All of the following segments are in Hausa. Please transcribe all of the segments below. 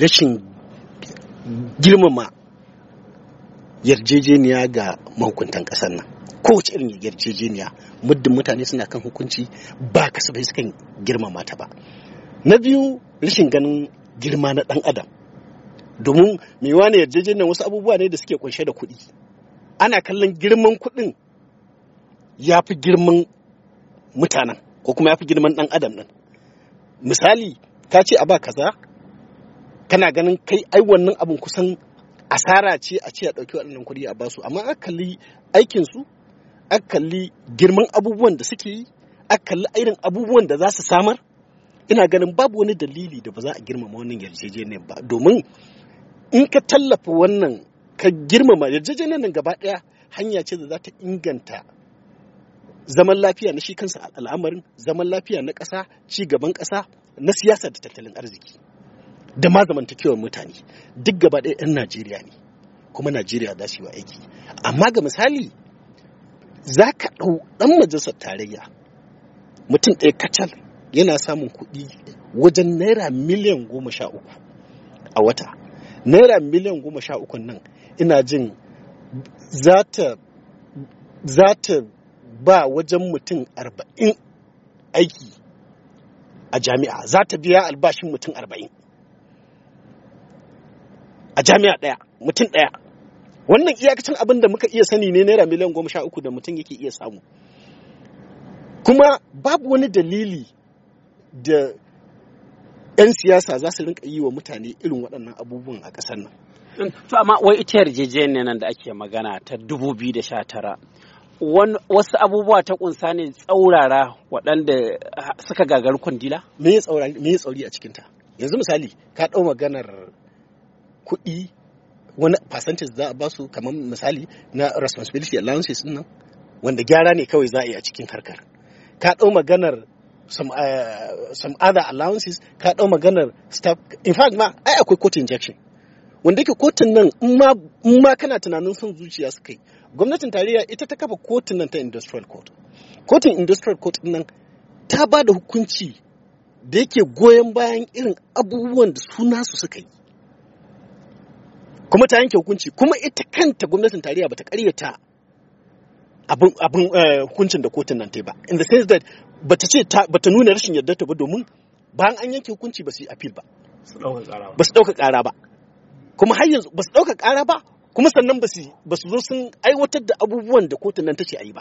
rashin girmama yarjejeniya ga mahukuntan ƙasar nan kowace irin yarjejeniya muddin mutane suna kan hukunci ba kasafai sukan girmama ta ba na biyu rashin ganin girma na ɗan adam domin mai wani yarjejeniyar wasu abubuwa ne da suke kunshe da kuɗi ana kallon girman kuɗin ya fi girman mutanen ko kuma ya fi girman ɗan adam ɗin misali ka ce a ba kaza kana ganin kai ai wannan abun kusan asara ce a ce a ɗauki waɗannan kuɗi a basu amma aka kalli aikin su aka girman abubuwan da suke yi aka kalli irin abubuwan da za su samar ina ganin babu wani dalili da ba za a girmama wannan yarjejeniyar ba domin in ka tallafa wannan ka girmama yarjejeniyar nan gaba ɗaya hanya ce da za ta inganta zaman lafiya na shi kansa al'amarin zaman lafiya na kasa ci gaban ƙasa na siyasa da tattalin arziki da ma zamantakewar mutane duk gaba ɗaya 'yan najeriya ne kuma najeriya za su yi wa aiki amma ga misali za ka ɗau ɗan majalisar tarayya mutum ɗaya kacal yana samun kuɗi wajen naira miliyan goma sha uku a wata naira miliyan goma sha uku nan ina jin za ta ba wajen mutum arba'in aiki a jami'a za ta biya albashin mutum arba'in jami'a ɗaya mutum ɗaya wannan iyakacin abin da muka iya sani ne naira miliyan goma sha uku da mutum yake iya samu kuma babu wani dalili da 'yan siyasa za su rinka yi wa mutane irin waɗannan abubuwan a ƙasar nan to amma wai ita yarjejeniyar nan da ake magana ta 2019 wasu abubuwa ta kunsa ne tsaurara waɗanda suka gagar kwandila? Me ya tsauri a cikinta? Yanzu misali, ka ɗau maganar kuɗi wani percentage za a ba su kamar misali na responsibility allowances nan wanda gyara ne kawai za a yi a cikin karkar ka ɗau maganar eh, some, other allowances ka ɗau maganar staff in fact ma ai akwai court injection wanda yake kotun nan in ma kana tunanin son zuciya su kai gwamnatin tarayya ita ta kafa kotun nan ta industrial court kotun industrial court nan ta ba da hukunci da yake goyon bayan irin abubuwan da suna su suka yi kuma ta yanke hukunci kuma ita kanta gwamnatin tarayya bata karyata abin eh, hukuncin da kotun nan ta ba in the sense that bata ce bata nuna rashin yarda ta ba domin bayan an yanke hukunci ba su yi appeal ba ba su dauka kara ba kuma har yanzu ba su dauka kara ba kuma sannan ba su zo sun aiwatar da abubuwan da kotun nan ta ce a yi ba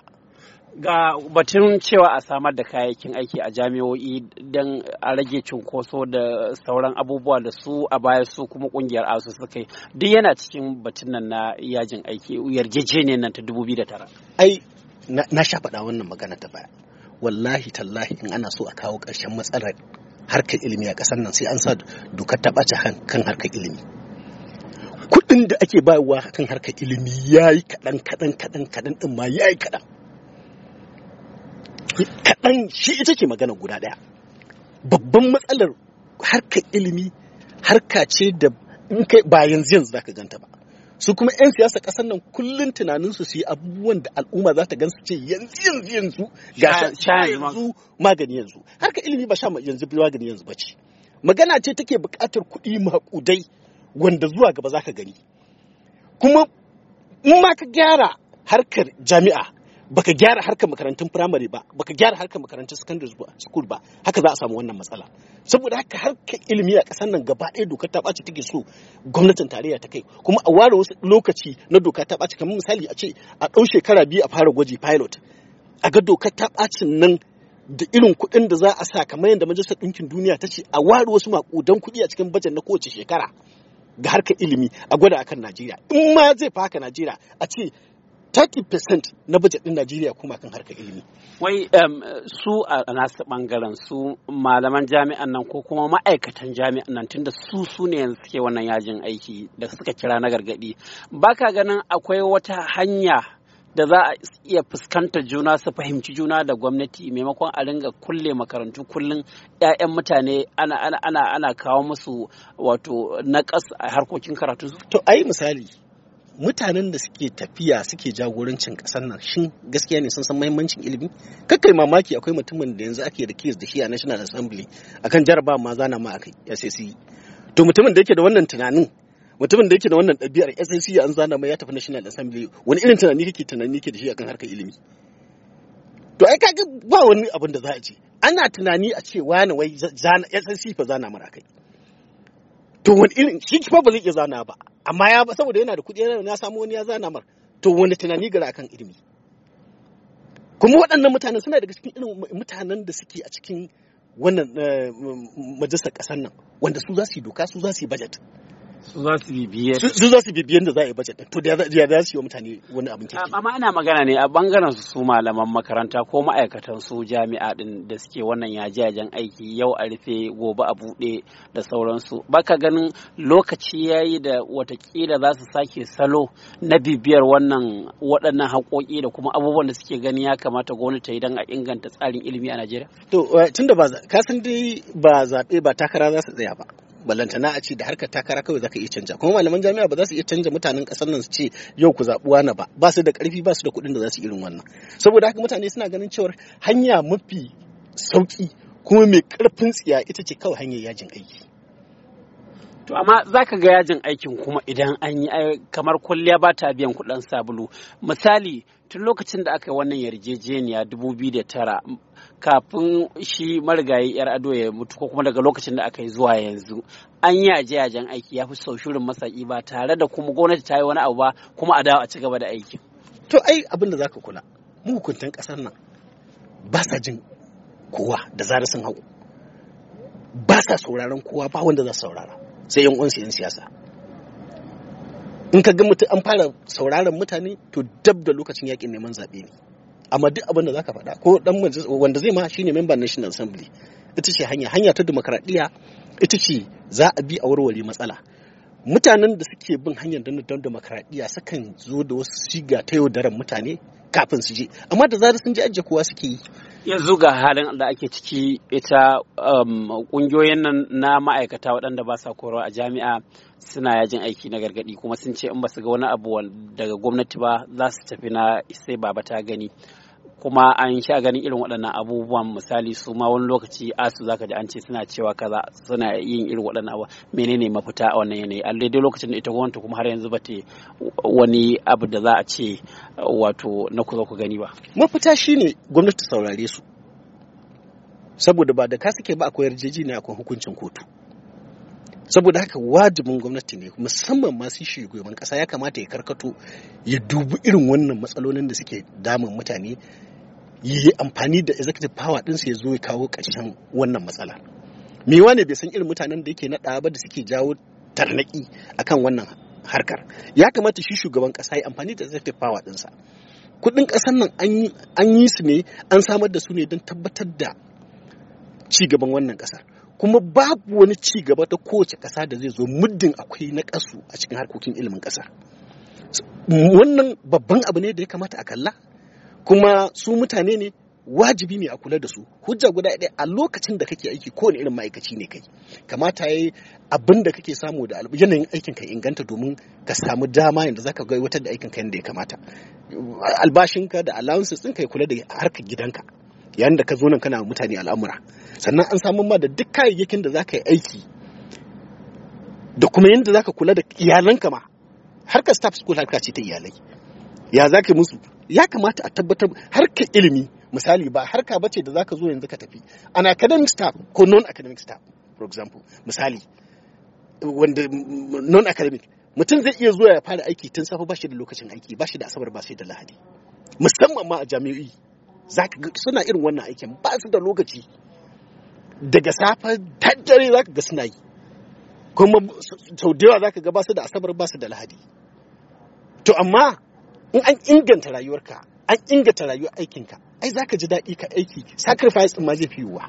ga batun cewa a samar da kayayyakin aiki a jami'o'i don a rage cunkoso da sauran abubuwa da su a baya su kuma kungiyar asu suka yi duk yana cikin batun nan na yajin aiki yarjejeniyar nan ta 2009 ai na sha faɗa wannan magana ta baya wallahi tallahi in ana so a kawo ƙarshen matsalar harkar ilimi a ƙasar nan sai an sa dokar ta ɓace kan harkar ilimi kuɗin da ake bayarwa kan harkar ilimi ya yi kaɗan kaɗan kaɗan kaɗan ɗin ma ya yi kaɗan kaɗan shi ita ke magana guda ɗaya babban matsalar harkar ilimi harka ce da in kai ba yanzu yanzu zaka ganta ba su kuma 'yan siyasa ƙasar nan kullum tunanin su yi abubuwan da al'umma za ta gan ce yanzu yanzu yanzu ga sha yanzu magani yanzu ka ilimi ba sha yanzu magani yanzu ba ce magana ce take buƙatar kuɗi maƙudai wanda zuwa gaba za ka gani kuma in ma ka gyara harkar jami'a baka gyara harkar makarantun firamare ba baka gyara harkar makarantun secondary school ba haka za a samu wannan matsala saboda haka harkar ilimi a kasar nan gaba ɗaya dokar ta ɓaci take so gwamnatin tarayya ta kai kuma a ware wasu lokaci na doka ta ɓaci kamar misali a ce a ɗau shekara biyu a fara gwaji pilot a ga doka ta ɓacin nan da irin kuɗin da za a sa kamar yadda majalisar ɗinkin duniya ta ce a ware wasu maƙudan kuɗi a cikin bajet na kowace shekara ga harkar ilimi a gwada akan Najeriya in ma zai fa haka Najeriya a ce 30% na budget din Najeriya kuma kan harkar ilimi. Wai su a nasu bangaren su malaman jami'an nan ko kuma ma'aikatan jami'an nan tunda su su ne yanzu suke wannan yajin aiki da suka kira na gargadi. Baka ganin akwai wata hanya da za a iya fuskantar juna su fahimci juna da gwamnati maimakon a ringa kulle makarantu kullun 'ya'yan mutane ana ana ana kawo musu wato naƙas a harkokin karatu. To ai misali mutanen da suke tafiya suke jagorancin kasar nan shin gaskiya ne sun san mahimmancin ilimi kakkai mamaki akwai mutumin da yanzu ake da case da shi a national assembly akan jaraba ma zana ma akai SSC to mutumin da yake da wannan tunanin mutumin da yake da wannan ɗabi'ar SSC an zana mai ya tafi national assembly wani irin tunani kake tunani kake da shi akan harkar ilimi to ai kaga ba wani abin da za a ce ana tunani a ce wani wai zana SSC fa zana mara kai to wani irin shi fa ba zai iya zana ba amma ya saboda yana da kuɗi yana ya samu wani ya zana mar to wani tunani gara akan ilimi kuma waɗannan mutanen suna daga cikin irin mutanen da suke a cikin wannan eh, majalisar ƙasar nan wanda su za su yi doka su za su yi bajet su za su bibiye su za su bibiye da za a yi budget to da za su yi wa mutane wani abin tafi amma ana magana ne a bangaren su malaman makaranta ko ma'aikatan su jami'a din da suke wannan yajajen aiki yau a rufe gobe a bude da sauransu baka ganin lokaci yayi da watakila za su sake salo na bibiyar wannan waɗannan haƙoƙi da kuma abubuwan da suke gani ya kamata gwamnati ta yi don a inganta tsarin ilimi a Najeriya to eh, tunda ba ka san dai ba zaɓe ba takara za su tsaya ba ballantana a ce da harkar takara kawai zaka iya canja kuma malaman jami'a ba za su iya canja mutanen kasar nan su ce yau ku zaɓuwa na ba ba su da ƙarfi ba su da kuɗin da za su irin wannan saboda haka mutane suna ganin cewar hanya mafi sauki kuma mai ƙarfin tsiya ita ce kawai hanyar yajin aiki To amma za ka ga yajin aikin kuma idan an yi kamar kwalliya ba ta biyan kuɗin sabulu. Misali tun lokacin da aka yi wannan yarjejeniya 2009 kafin shi marigayi yar ado ya mutu ko kuma daga lokacin da aka yi zuwa yanzu an yi aje yajen aiki ya fi sau shirin masaki ba tare da kuma gwamnati ta yi wani abu ba kuma a dawo a ci gaba da aiki. To ai abin da za ka kula hukuntan ƙasar nan ba sa jin kowa da zarar sun hau ba sa sauraron kowa ba wanda za su saurara. sai yan uwansu yan siyasa in ka ga mutum an fara sauraron mutane to dab da lokacin yakin neman zaɓe ne amma duk abin da zaka faɗa ko dan wanda zai ma shine member national assembly ita ce hanya hanya ta demokradiyya ita ce za a bi a warware matsala mutanen da suke bin hanyar don demokradiyya sukan zo da wasu shiga ta yaudarar mutane kafin su je amma da zarar sun je ajiye kowa suke yi yanzu ga halin da ake ciki ita kungiyoyin um, nan na ma'aikata waɗanda ba sa korawa a jami'a suna yajin aiki na gargaɗi kuma sun ce in ba su ga wani abu daga gwamnati ba za su tafi na sai baba ta gani kuma an sha ganin irin waɗannan abubuwan misali su ma wani lokaci asu zaka ji an ce suna cewa kaza suna yin irin waɗannan abu menene mafita a wannan yanayi a daidai lokacin da ita gwamnati kuma har yanzu bata wani abu da za a ce wato na ku ku gani ba mafita shine gwamnati saurare su saboda ba da ka suke ba akwai ne akwai hukuncin kotu saboda haka wajibin gwamnati ne musamman masu shugaban kasa ya kamata ya karkato ya dubi irin wannan matsalolin da suke damun mutane yi amfani da executive power ɗinsu ya zo ya kawo ƙarshen wannan matsala me wane bai san irin mutanen da yake naɗa ba da suke jawo tarnaki akan wannan harkar ya kamata shi shugaban ƙasa ya amfani da executive power ɗinsa kuɗin ƙasar nan an yi su ne an samar da su ne don tabbatar da ci gaban wannan ƙasar kuma babu wani ci gaba ta kowace ƙasa da zai zo muddin akwai na ƙasu a cikin harkokin ilimin ƙasar wannan babban abu ne da ya kamata a kalla kuma su mutane ne wajibi ne a kula da su hujja guda ɗaya a lokacin da kake aiki kowane irin ma'aikaci ne kai kamata yi abin da kake samu da yanayin aikin ka inganta domin ka samu dama yadda zaka ga wata da aikin ka yadda ya kamata albashinka da allowances ɗin ka kula da harkar gidanka yayin da ka zo nan kana mutane al'amura sannan an samu ma da duk kayayyakin da zaka yi aiki da kuma yadda zaka kula da iyalanka ma harkar staff school harka ce ta iyalai ya zaka musu ya kamata a tabbatar harkar ilimi misali ba harka bace da zaka zo yanzu ka tafi an academic staff ko non academic staff for example misali wanda non academic mutum zai iya zuwa ya fara aiki tun safe ba shi da lokacin aiki ba shi da asabar ba shi da lahadi musamman ma a jami'o'i zaka ga suna irin wannan aikin ba su da lokaci daga safe daddare zaka ga suna yi kuma sau da yawa zaka ga ba su da asabar ba su da lahadi to amma in an inganta rayuwarka an inganta rayuwar aikinka ai zaka ji daɗi ka aiki sacrifice din ma zai fi yiwuwa